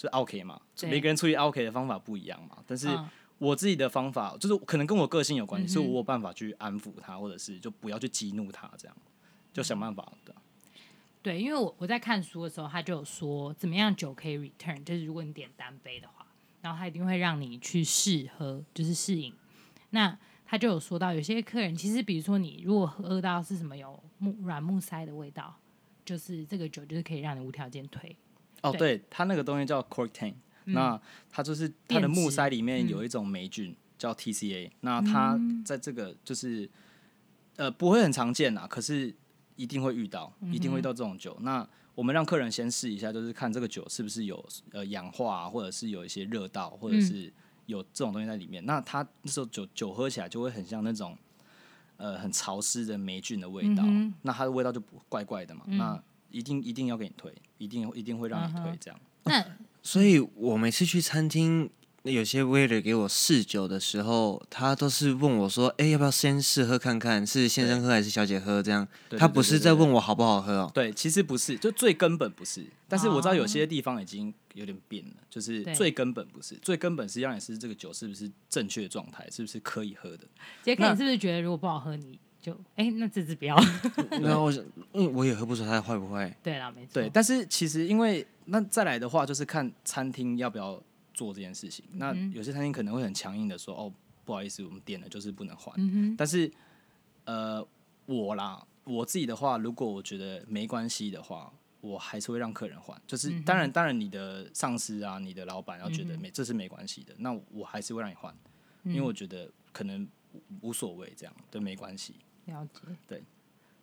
就 OK 嘛，對每個人處理 OK 的方法不一樣嘛，但是我自己的方法、嗯、就是可能跟我個性有關係，所以、嗯、哼我有辦法去安撫他，或者是就不要去激怒他這樣，就想辦法的。對，因為我我在看書的時候，他就有說，怎麼樣酒可以 return，就是如果你點單杯的話，然後他一定會讓你去試喝，就是試飲。那他就有說到，有些客人其實，比如說你如果喝到是什麼有木軟木塞的味道，就是這個酒就是可以讓你無條件退。哦，oh, 對，它那個東西叫 cork tank、嗯、那它就是他的木塞裡面有一種霉菌、嗯、叫 TCA，那它在這個就是、嗯、呃不會很常見啦，可是一定會遇到，嗯、哼一定會遇到這種酒。那我們讓客人先試一下，就是看這個酒是不是有呃氧化、啊，或者是有一些熱到，或者是有這種東西在裡面。嗯、那它那時候酒酒喝起來就會很像那種呃很潮濕的霉菌的味道，嗯、哼那它的味道就不怪怪的嘛，嗯、那一定一定要給你推。一定一定會讓你退、uh huh. 這樣。那、啊、所以，我每次去餐廳，有些 waiter 給我試酒的時候，他都是問我說：“哎、欸，要不要先試喝看看？是先生喝還是小姐喝？”對這樣，他不是在問我好不好喝哦對對對對對對。對，其實不是，就最根本不是。但是我知道有些地方已經有點變了，uh huh. 就是最根本不是。最根本實際上也是讓你試這個酒是不是正確的狀態，是不是可以喝的。傑克，那你是不是覺得如果不好喝你？就哎、欸，那這只不要。 (laughs) 那我想，嗯，我也喝不出他壞不壞。對啦，沒錯。對，但是其實因為那再來的話，就是看餐廳要不要做這件事情。那有些餐廳可能會很強硬的說，哦，不好意思，我們點了就是不能換。嗯、哼但是，呃，我啦，我自己的話，如果我覺得沒關係的話，我還是會讓客人換。就是當然，嗯、哼當然，你的上司啊，你的老闆要覺得沒這是沒關係的，嗯、哼那我還是會讓你換，因為我覺得可能無所謂，這樣都沒關係。了解，對，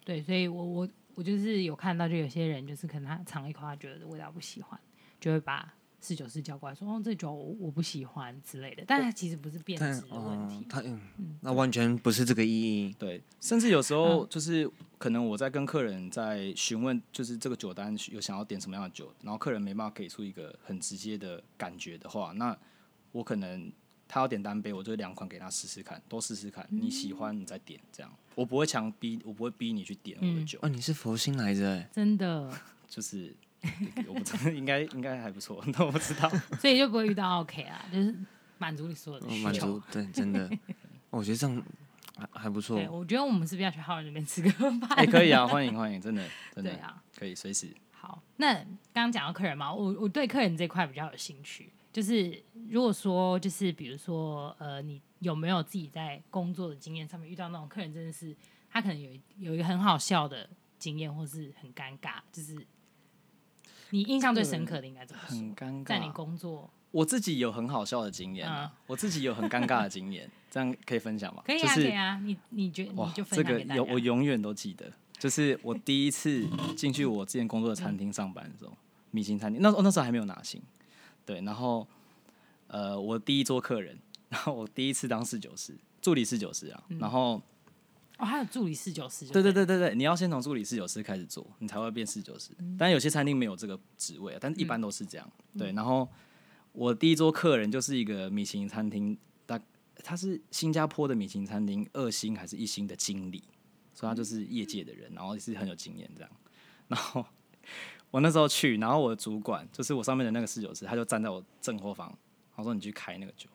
對，所以我我我就是有看到，就有些人就是可能他嘗一口他覺得味道不喜歡，就會把侍酒師叫過來，說：“哦，這酒我不喜歡之類的。”，但他其實不是變質的問題，呃、他嗯，那完全不是這個意義。對，甚至有時候就是可能我在跟客人在詢問，就是這個酒單有想要點什麼樣的酒，然後客人沒辦法給出一個很直接的感覺的話，那我可能他要點單杯，我就會兩款給他試試看，都試試看，你喜歡你再點這樣。我不會強逼，我不會逼你去點我的酒。嗯、哦，你是佛心來着、欸？真的，就是，應該應該還不錯，那我知道，不不知道 (laughs) 所以就不會遇到 OK 啦。就是滿足你所有的需求。哦、滿足對，真的， (laughs) 我覺得這樣還還不錯。我覺得我們是不是要去 Howard 那邊吃個飯。也、欸、可以啊，歡迎歡迎，真的，真的、啊、可以隨時。好，那剛剛講到客人嘛，我我對客人這塊比較有興趣，就是如果說就是比如說呃你。有沒有自己在工作的經驗上面遇到那種客人，真的是他可能有有一個很好笑的經驗，或是很尷尬，就是你印象最深刻的應該怎麼說？很尷尬，在你工作，我自己有很好笑的經驗、啊，啊、我自己有很尷尬的經驗， (laughs) 這樣可以分享嗎？可以啊，就是、可以啊，你你覺得哇你就分享。這個有我永遠都記得，就是我第一次進去我之前工作的餐廳上班的時候， (laughs) 米星餐廳，那、哦、那時候還沒有拿星，對，然後呃，我第一桌客人。然後 (laughs) 我第一次當侍酒師，助理侍酒師啊。然後哦，還有助理侍酒師，對對對對對，你要先從助理侍酒師開始做，你才會變侍酒師。但有些餐廳沒有這個職位啊，但是一般都是這樣。對，然後我第一桌客人就是一個米其林餐廳，他他是新加坡的米其林餐廳二星還是一星的經理，所以他就是業界的人，然後也是很有經驗這樣。然後我那時候去，然後我的主管就是我上面的那個侍酒師，他就站在我正後方，他說：“你去開那個酒。”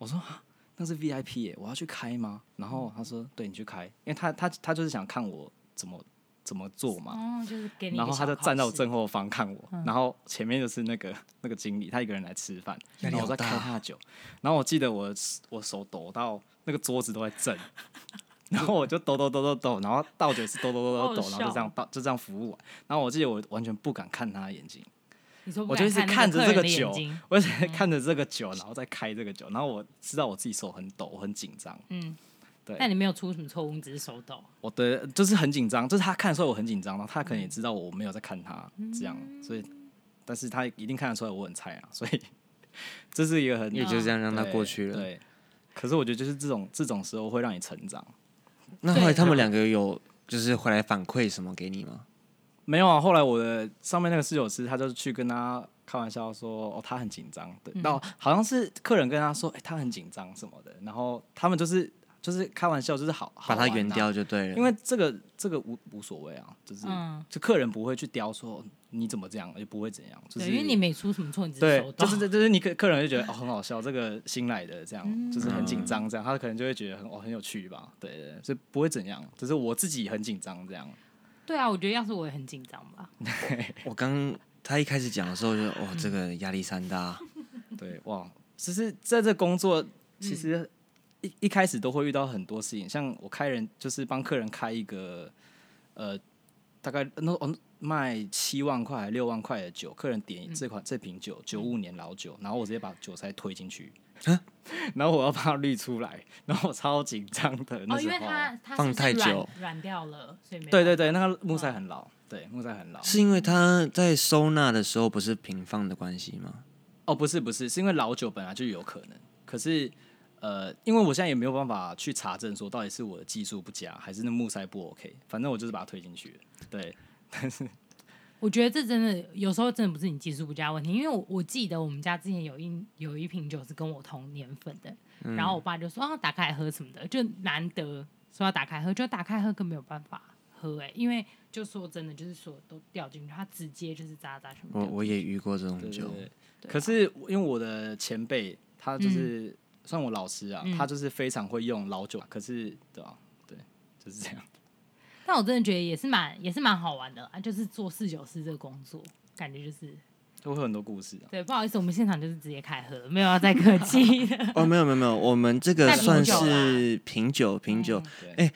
我說啊，那是 VIP 耶，我要去開嗎？然後他說，對，你去開，因為他他他就是想看我怎麼怎麼做嘛。哦，就是給你。然後他就站在我正後方看我，嗯、然後前面就是那個那個經理，他一個人來吃飯，嗯、然後我在開他的酒。的然後我記得我我手抖到那個桌子，都在震， (laughs) 然後我就抖抖抖抖抖，然後倒酒是抖抖抖抖抖， (laughs) 然後就這樣倒就這樣服務完。然後我記得我完全不敢看他的眼睛。我就是看着這個酒，我是在看着這個酒，然後再開這個酒，然後我知道我自己手很抖，我很緊張。嗯，對。但你沒有出什麼錯誤，你只是手抖。我的就是很緊張，就是他看的時候我很緊張，然後他可能也知道我沒有在看他，嗯、這樣，所以，但是他一定看得出來我很菜啊，所以這是一個很，也就這樣讓他過去了對。對。可是我覺得就是這種這種時候會讓你成長。那後來他們兩個有就是回來反饋什麼給你嗎？沒有啊，後來我的上面那個侍酒師，他就去跟他開玩笑說，哦，他很緊張。等到、嗯、好像是客人跟他說，哎、欸，他很緊張什麼的，然後他們就是就是開玩笑，就是好好、啊、把他圓掉就對了。因為這個這個無無所謂啊，就是、嗯、就客人不會去刁說你怎麼這樣，也不會怎樣。就是、對，因為你沒出什麼錯，你只收到。對，就是就是你客客人就覺得哦很好笑，這個新來的這樣，嗯、就是很緊張這樣，他可能就會覺得很哦很有趣吧，對對，對，所以不會怎樣，就是我自己很緊張這樣。對啊，我覺得要是我也很緊張吧。 (laughs) 我剛剛他一開始講的時候就，就哦，這個壓力山大。 (laughs) 對，哇，其實在這工作，其實一一開始都會遇到很多事情。像我開人，就是幫客人開一個，呃，大概那、呃、賣七萬塊還六萬塊的酒，客人點這款、嗯、這瓶酒，九五年老酒，然後我直接把酒塞推進去。 (laughs) (laughs) 然後我要把它濾出來，然後我超緊張的、哦、那時候，是是放太久它軟掉了，對對對，那個木塞很老，哦、對木塞很老。是因為它在收納的時候不是平放的關係嗎？哦，不是不是，是因為老酒本來就有可能，可是呃，因為我現在也沒有辦法去查證說到底是我的技術不佳，還是那木塞不 OK，反正我就是把它推進去了，對，但是。我覺得這真的有時候真的不是你技術不佳問題，因為我我記得我們家之前有一有一瓶酒是跟我同年份的，然後我爸就說啊打開來喝什麼的，就難得說要打開喝，就打開喝更沒有辦法喝哎、欸，因為就說真的就是說都掉進去，他直接就是渣渣什麼。我我也遇過這種酒，對對對啊、可是因為我的前輩他就是、嗯、算我老師啊，嗯、他就是非常會用老酒，可是對啊，對，就是這樣。那我真的覺得也是蠻也是蠻好玩的，就是做侍酒師這個工作，感覺就是會很多故事。啊，對，不好意思，我們現場就是直接開喝，沒有要再客氣 (laughs) (laughs) 哦，沒有沒有沒有，我們這個算是品酒品酒、欸。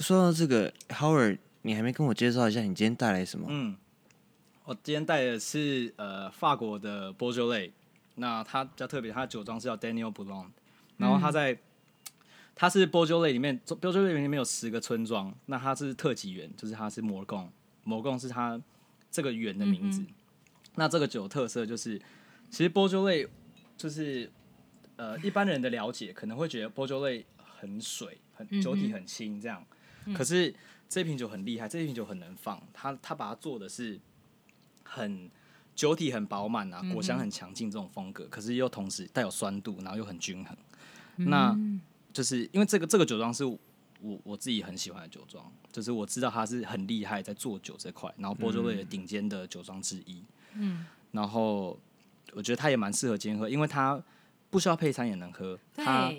說到這個，Howard，你還沒跟我介紹一下你今天帶來什麼？嗯，我今天帶的是呃法國的 Beaujolais，那它比較特別，它的酒莊是叫 Daniel Blonde，然後它在。嗯它是薄酒萊裡面，薄酒萊裡面有十個村莊。那它是特級園，就是它是摩貢，摩貢是它這個園的名字。嗯嗯，那這個酒特色就是，其實薄酒萊就是，呃，一般人的了解可能會覺得薄酒萊很水，很酒體很輕這樣。嗯嗯，可是這瓶酒很厲害，這瓶酒很能放。它它把它做的是很酒體很飽滿啊，果香很強勁這種風格。嗯嗯，可是又同時帶有酸度，然後又很均衡。嗯嗯，那就是因為這個這個酒莊是我我自己很喜歡的酒莊，就是我知道它是很厲害在做酒這塊，然後波爾多的頂尖的酒莊之一。嗯，然後我覺得它也蠻適合今天喝，因為它不需要配餐也能喝。對他、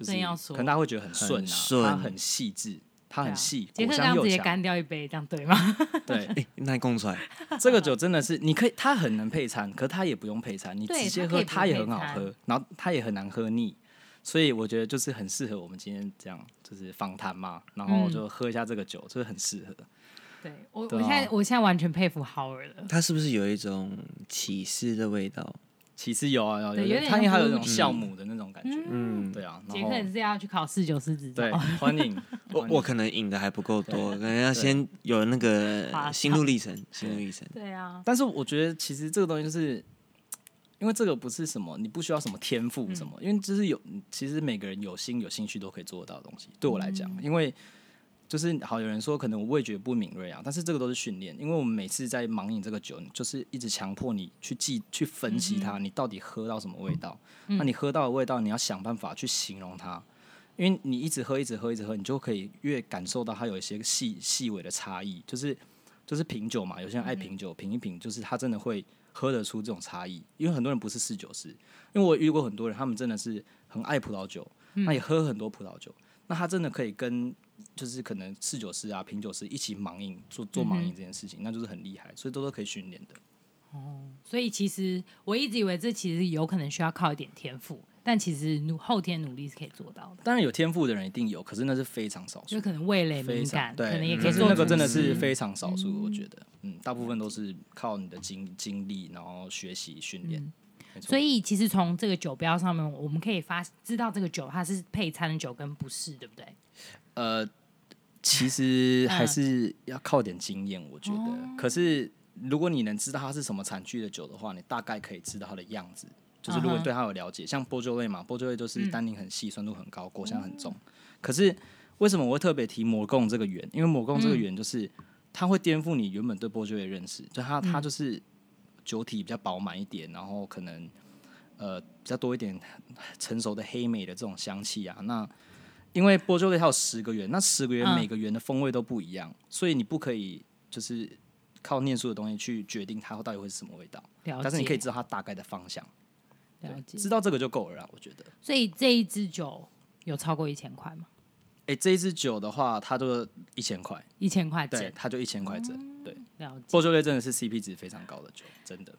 就是，可能他會覺得很順、啊順，他很細緻，它很細，我這樣子也乾掉一杯，這樣對嗎？對， (laughs) 欸、那你供出來， (laughs) 這個酒真的是你可以，它很能配餐，可它也不用配餐，你直接喝它也很好喝，然後它也很難喝膩。所以我覺得就是很適合我們今天這樣，就是訪談嘛，然後就喝一下這個酒，就是很適合。對，我我現在我現在完全佩服 Howard 了。他是不是有一種起司的味道？起司有啊有。對，有點。它還有種酵母的那種感覺。嗯，對啊。傑克也是要去考侍酒師執照。對，歡迎。我我可能飲的還不夠多，可能要先有那個心路歷程，心路歷程。對啊，但是我覺得其實這個東西就是。因為這個不是什麼，你不需要什麼天賦什麼，因為就是有，其實每個人有心有興趣都可以做得到的東西。對我來講，因為就是好有人說可能我味覺不敏銳啊，但是這個都是訓練，因為我們每次在盲飲這個酒，就是一直強迫你去記、去分析它，你到底喝到什麼味道啊。那你喝到的味道，你要想辦法去形容它，因為你一直喝、一直喝、一直喝，你就可以越感受到它有一些細細微的差異。就是就是品酒嘛，有些人愛品酒，品一品，就是他真的會喝得出這種差異，因為很多人不是侍酒師，因為我遇過很多人，他們真的是很愛葡萄酒，那、嗯、也喝很多葡萄酒，那他真的可以跟就是可能侍酒師啊、品酒師一起盲飲做做盲飲這件事情，嗯、哼那就是很厲害，所以都是可以訓練的。哦，所以其實我一直以為這其實有可能需要靠一點天賦，但其實努後天努力是可以做到的。當然有天賦的人一定有，可是那是非常少數，就可能味蕾敏感，對，可能也可以做那個真的是非常少數，嗯、哼我覺得。嗯、大部分都是靠你的經經歷，然後學習訓練。嗯、沒錯。所以其實從這個酒標上面，我們可以發知道這個酒它是配餐的酒跟不是，對不對？呃，其實還是要靠點經驗，嗯、我覺得。哦、可是如果你能知道它是什麼產區的酒的話，你大概可以知道它的樣子。就是如果對它有了解，啊、哼像博若萊嘛，博若萊就是單寧很細，嗯、酸度很高，果香很重。嗯、可是為什麼我會特別提魔貢這個園？因為魔貢這個園就是。嗯它會顛覆你原本對波多的認識，就它、嗯、它就是酒體比較飽滿一點，然後可能呃比較多一點成熟的黑莓的這種香氣啊。那因為波多它有十個園，那十個園每個園的風味都不一樣，嗯、所以你不可以就是靠念書的東西去決定它到底會是什麼味道。了解，但是你可以知道它大概的方向。了解，知道這個就夠了啦，我覺得。所以這一支酒有超過一千塊嗎？哎、欸，這一支酒的話，它都一千塊，一千塊整，對，它就一千塊整，嗯、對。了解，波多真的是 CP 值非常高的酒，真的。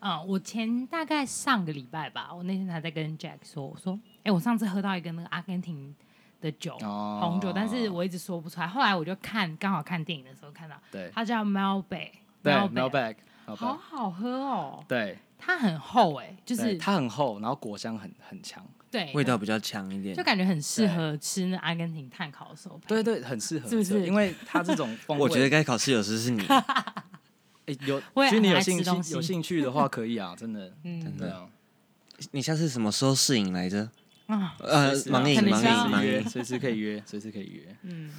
啊，我前大概上個禮拜吧，我那天還在跟 Jack 說，我說，哎、欸，我上次喝到一個那個阿根廷的酒，哦、紅酒，但是我一直說不出來。後來我就看，剛好看電影的時候看到，對，它叫 Malbec，對，Malbec，Malbec，好好喝哦、喔，對，它很厚、欸，哎，就是它很厚，然後果香很很強。對，味道比較強一點，就感覺很適合吃那阿根廷碳烤的時候。對對，很適合，是不是？因為他這種風味，我覺得該考試有時是你，哎，有，其實你有興有興趣的話，可以啊，真的，對的。你下次什麼時候試飲來着？啊，呃，忙也忙也忙約，隨時可以約，隨時可以約。嗯，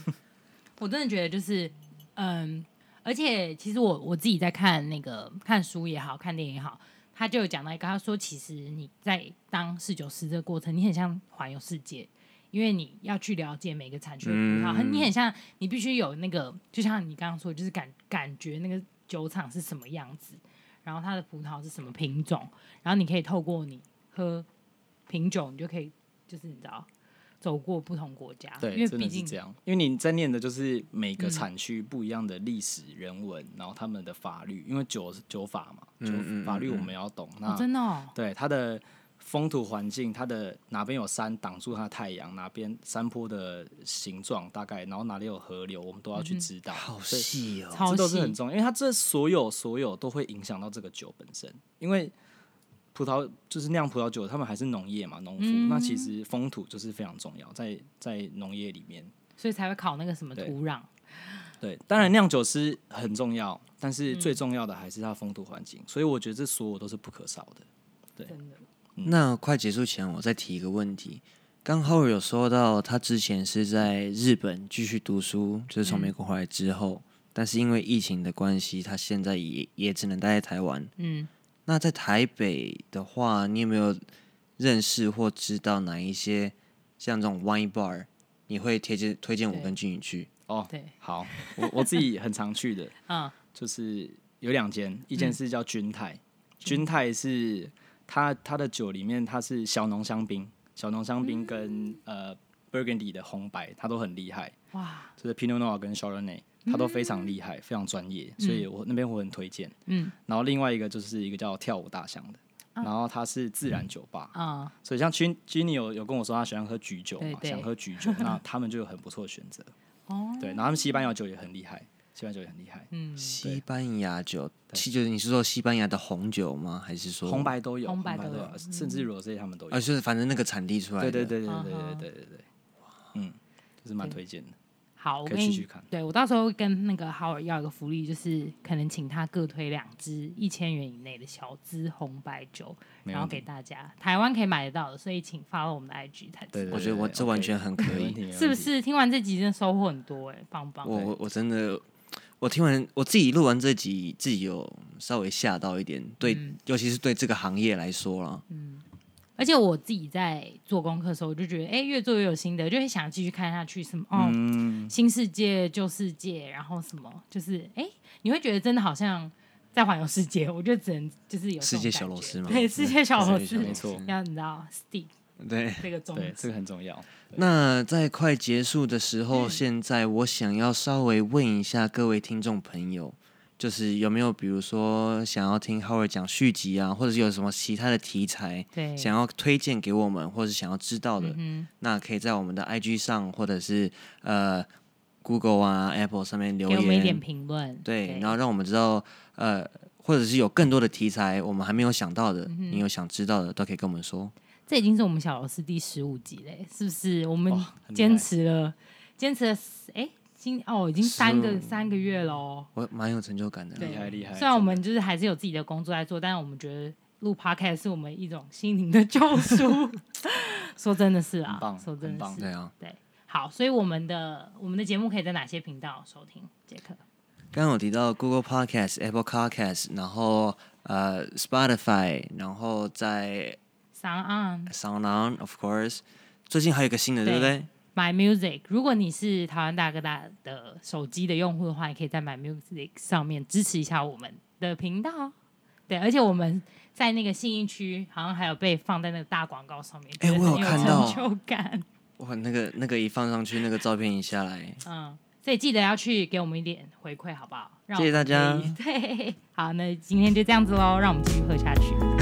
我真的覺得就是，嗯，而且其實我我自己在看那個看書也好看電影也好。他就有講到一個，他說其實你在當侍酒師這個過程，你很像環遊世界，因為你要去了解每個產區的葡萄很，你很像你必須有那個，就像你剛剛說，就是感感覺那個酒廠是什麼樣子，然後它的葡萄是什麼品種，然後你可以透過你喝品酒你就可以就是你知道。走過不同國家，對因為畢竟真的是這樣。因為你在念的就是每個產區不一樣的歷史、人文，嗯、然後他們的法律，因為酒酒法嘛，酒、嗯嗯嗯、法律我們要懂。嗯嗯那、哦、真的、哦，對它的風土環境，它的哪邊有山擋住它的太陽，哪邊山坡的形狀大概，然後哪裡有河流，我們都要去知道。嗯嗯好細哦、喔，這都是很重要，因為它這所有所有都會影響到這個酒本身，因為。葡萄就是釀葡萄酒，他們還是農業嘛，農夫。嗯、哼那其實風土就是非常重要，在在農業裡面，所以才會考那個什麼土壤。對，對，當然釀酒師很重要，但是最重要的還是它風土環境。嗯、所以我覺得這所有都是不可少的。對，真的那快結束前，我再提一個問題。剛 Howard 有說到，他之前是在日本繼續讀書，就是從美國回來之後，嗯、但是因為疫情的關係，他現在也也只能待在台灣。嗯。那在台北的話，你有沒有認識或知道哪一些像這種 wine bar？你會推薦推薦我跟君宇去？哦，對，oh, 對好，我我自己很常去的，啊， (laughs) 就是有兩間，一間是叫君泰，君泰、嗯、是它它的酒裡面它是小農香檳、小農香檳跟、嗯、呃 Burgundy 的紅白，它都很厲害，哇，就是 Pinot Noir 跟 Chardonnay 他都非常厲害，非常專業，所以我那邊我很推薦。嗯，然後另外一個就是一個叫跳舞大象的，然後他是自然酒吧啊，所以像君君尼有有跟我說他喜歡喝橘酒嘛，想喝橘酒，那他們就有很不錯的選擇。哦，對，然後他們西班牙酒也很厲害，西班牙酒也很厲害。嗯，西班牙酒，就是你是說西班牙的紅酒嗎？還是說紅白都有？紅白都有，甚至 Rosé 他們都有。呃，就是反正那個產地出來的。對對對對對對對對對對，嗯，就是蠻推薦的。好，我去去看。我可以對我到時候跟那個 Howard 要一個福利，就是可能請他各推兩支一千元以內的小支紅白酒，然後給大家台灣可以買得到的，所以請發到我們的 IG 才對，對，對，對。我覺得我這完全很可以， (laughs) 是不是？聽完這集真的收穫很多哎、欸，棒棒！我我真的，我聽完我自己錄完這集，自己有稍微嚇到一點，對，嗯、尤其是對這個行業來說啦、嗯而且我自己在做功課的時候，我就覺得，哎，越做越有心得，就會想繼續看下去。什麼哦，嗯、新世界、舊世界，然後什麼，就是哎，你會覺得真的好像在環遊世界。我覺得只能就是有世界小螺絲嗎？對，對世界小螺絲沒錯。嗯、要你知道，steep 對, Steam, 對這個重要，這個很重要。那在快結束的時候，嗯、現在我想要稍微問一下各位聽眾朋友。就是有沒有比如說想要聽 Howard 講續集啊，或者是有什麼其他的題材想要推薦給我們，或者想要知道的，嗯、哼那可以在我們的 IG 上，或者是呃 Google 啊 Apple 上面留言，給我們一點評論，對，對然後讓我們知道呃，或者是有更多的題材我們還沒有想到的，嗯、哼你有想知道的都可以跟我們說。這已經是我們小螺絲第十五集嘞，是不是？我們堅持了，堅、哦、持了，哎。欸今哦，已經三個是三個月咯。我蠻有成就感的，對厲害厲害。雖然我們就是還是有自己的工作在做，做的但是我們覺得錄 podcast 是我們一種心靈的救贖。 (laughs) (laughs) 說真的是啊，棒說真的是這樣。棒對，啊、對，好，所以我們的我們的節目可以在哪些頻道收聽？傑克，剛剛有提到 Google Podcast、Apple Podcast，然後呃 Spotify，然後在 Sound On Sound On，Of course，最近還有一個新的，對不對？My Music，如果你是台灣大哥大的手機的用戶的話，你可以在 My Music 上面支持一下我們的頻道，對，而且我們在那個信義區好像還有被放在那個大廣告上面，哎、欸，我有看到，成就感，哇，那個那個一放上去，那個照片一下來，嗯，所以記得要去給我們一點回饋，好不好？讓我們謝謝大家，對，好，那今天就這樣子嘍，讓我們繼續喝下去。